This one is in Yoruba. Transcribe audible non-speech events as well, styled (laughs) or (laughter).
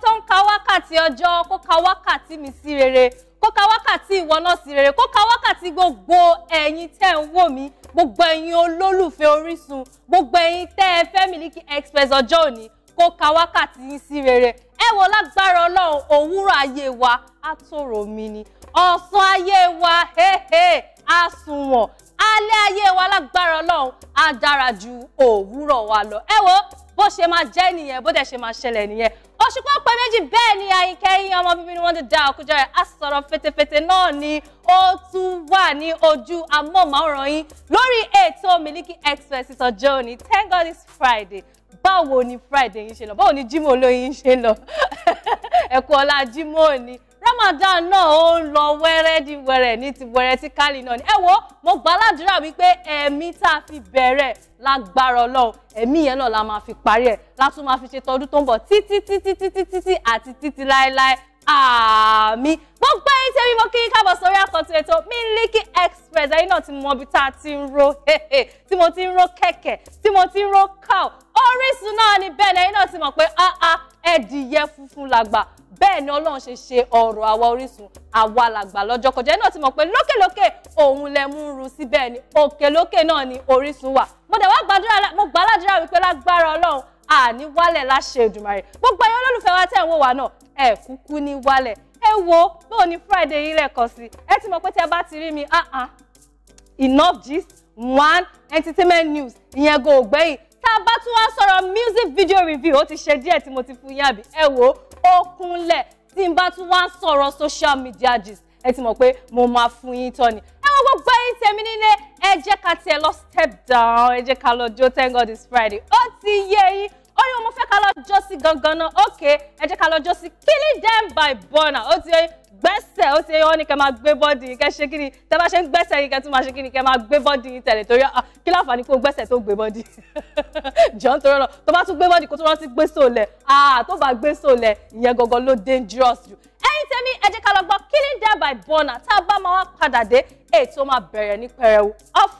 tó ń ka wákàtí ọjọ́ kó ka wákàtí mi sí rere kó ka wákàtí ìwọ náà sí rere kó ka wákàtí gbogbo ẹ̀yin tẹ́ ń wò mí gbogbo ẹ̀yin olólùfẹ́ Orísun gbogbo ẹ̀yin tẹ́ ẹ fẹ́ Miliki Express ọjọ́ òní kó ka wákàtí yín sí rere ẹ wò lágbára Ọlọ́run òwúrọ̀ ayé wa àtòrò mi ni ọ̀sán ayé wa àsùnwọ̀n alẹ́ ayé wa lágbára Ọlọ́run á dára ju òwúrọ̀ wa lọ ẹ wò bó ṣe máa jẹ́ nìyẹn bó dẹ̀ ṣe máa ṣẹlẹ̀ nìyẹn òṣùpá pé méjì bẹ́ẹ̀ ni àyíkẹ́yìn ọmọ bíbí ni wọ́n ti da Òkújàrẹ̀ àsọ̀rọ̀ fetefete náà ni ó tún wà ní ojú amóhùnmáwòrán yín lórí ètò Miliki Express ìtọ́jú òní thank God it's Friday báwo ni Friday yín ṣe lọ báwo ni Jímọ̀ olóyin ṣe lọ (laughs) ẹ̀kọ́ ọ̀la Jímọ̀ òní Ramadan náà ó ń lọ wẹ́rẹ́ di wẹ́rẹ́ ní ti wẹ́rẹ́ tí kálí náà ni ẹ wo mo gbà ládùúrà wípé ẹ̀mí tá a fi bẹ̀rẹ̀ lágbára Ọlọ́run ẹ̀mí yẹn náà la máa fi parí ẹ̀ látún máa fi ṣe tọdún tó ń bọ̀ títí títí títí títí àti títí láéláé àmì gbogbo ẹ̀yin tí ẹbí kí káàbọ̀ sórí àkọ́tún ètò Miliki Express ẹ̀yin náà ti mọ ibi tá a ti ń ro (laughs) tí mo ti ń ro kẹ̀kẹ́ tí mo ti ń ro cow Orísun náà ni bẹ́ẹ̀ lẹ́yìn náà ti mọ̀ pé ah, ah, ẹ̀dìyẹ funfun làgbà bẹ́ẹ̀ ni ọlọ́run ṣe ṣe ọ̀rọ̀ àwa Orísun àwa làgbà lọ́jọ́ kọjá ẹ̀ náà ti mọ̀ pé lókèlókè òun lẹ mú ru síbẹ̀ ni òkèlókè náà ni Orísun wà mo dẹ̀ wá gbàdúrà mo gbà ládùúrà wípé lágbára ọlọ́run àní wálẹ̀ láṣẹ Èdùmàrè gbogbo ayé olólùfẹ́ wa tẹ̀ ń wò wá náà ẹ̀ kúkú ní wálẹ̀ ẹ wo bóun ni Friday yìí lẹ́ẹ̀kan sí ẹ ti mọ̀ pé tí a bá ti rí mi ah, enough gist one entertainment news ìyẹn go gbẹ̀yìn a bá tún wá sọ̀rọ̀ music video review ó ti ṣe díẹ̀ tí mo ti fún yín ẹ wò ó kúnlẹ̀ tí n bá tún wá sọ̀rọ̀ social media gist ẹ ti mọ̀ pé mo máa fún yín tọ́ ni ẹ wọ gbogbo ẹ̀yin tèmi nílé ẹ jẹ́ ká tiẹ̀ lọ step down ẹ jẹ́ ká lọ jó thank god it's friday ó ti yé yín ó ní mo fẹ́ ká lọ jọ́sí gangan náà ok ẹ jẹ́ ká lọ jọ́sí killing them by burner ó ti gbẹ́sẹ̀ ó ti yẹ wọ́n ní kẹ́ máa gbé bọ́ọ̀dì yìí kẹ́ ṣe kí ni tẹ́ bá ṣe ń gbẹ́sẹ̀ yìí kẹ́ tún máa ṣe kí ni kẹ́ máa gbé bọ́ọ̀dì yìí tẹ̀lé torí ah, kí láǹfààní kó gbẹ́sẹ̀ tó gbé bọ́ọ̀dì (laughs) jọ̀ọ́ torí ọ̀nà tó bá tún gbé bọ́ọ̀dì kó tó rántí gbé sóòlẹ̀ ah tó bá gbé sóòlẹ̀ ìyẹn gangan ló dangerous jù ẹ̀yin tèmi ẹ jẹ́ ká lọ gbọ́ killing them by burner tá a bá máa wá padà dé èyí tó máa bẹ̀rẹ̀ ní pẹrẹwu